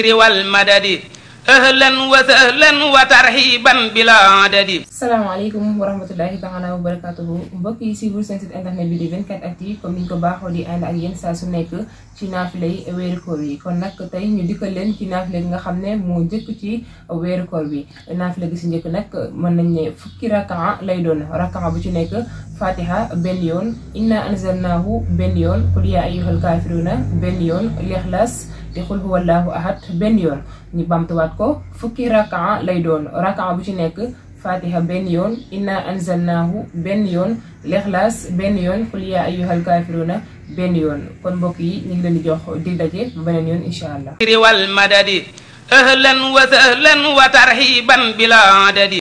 zikri wal madadi ahlan wa sahlan wa tarhiban bila adadi salaamaaleykum wa rahmatullahi taala wa barakatuhu mbokk yi suivre seen site internet bi di 24 actu comme niñ ko baaxoo di ànd ak yéen saa su nekk ci naafila yi weeru koor yi kon nag tey ñu dikkal leen ci naafila gi nga xam ne moo njëkk ci weeru koor bi naafila gi si nag mën nañ ne fukki rakaa lay doon rakaa bu ci nekk fatiha benn yoon inna anzalnaahu benn yoon qul yaa ayyuhal kaafiruuna benn yoon lixlaas te xul huwallaahu ahad benn yoon ñu bamtuwaat ko fukki rakaa lay doon rakaa bu ci nekk fatiha benn yoon inna anzalnaahu benn yoon lixlaas benn yoon qul yaa ayyuhal kaafiruuna benn yoon kon mbokk yi ñu ngi leen di jox di daje ba beneen yoon incha allah riwal madadi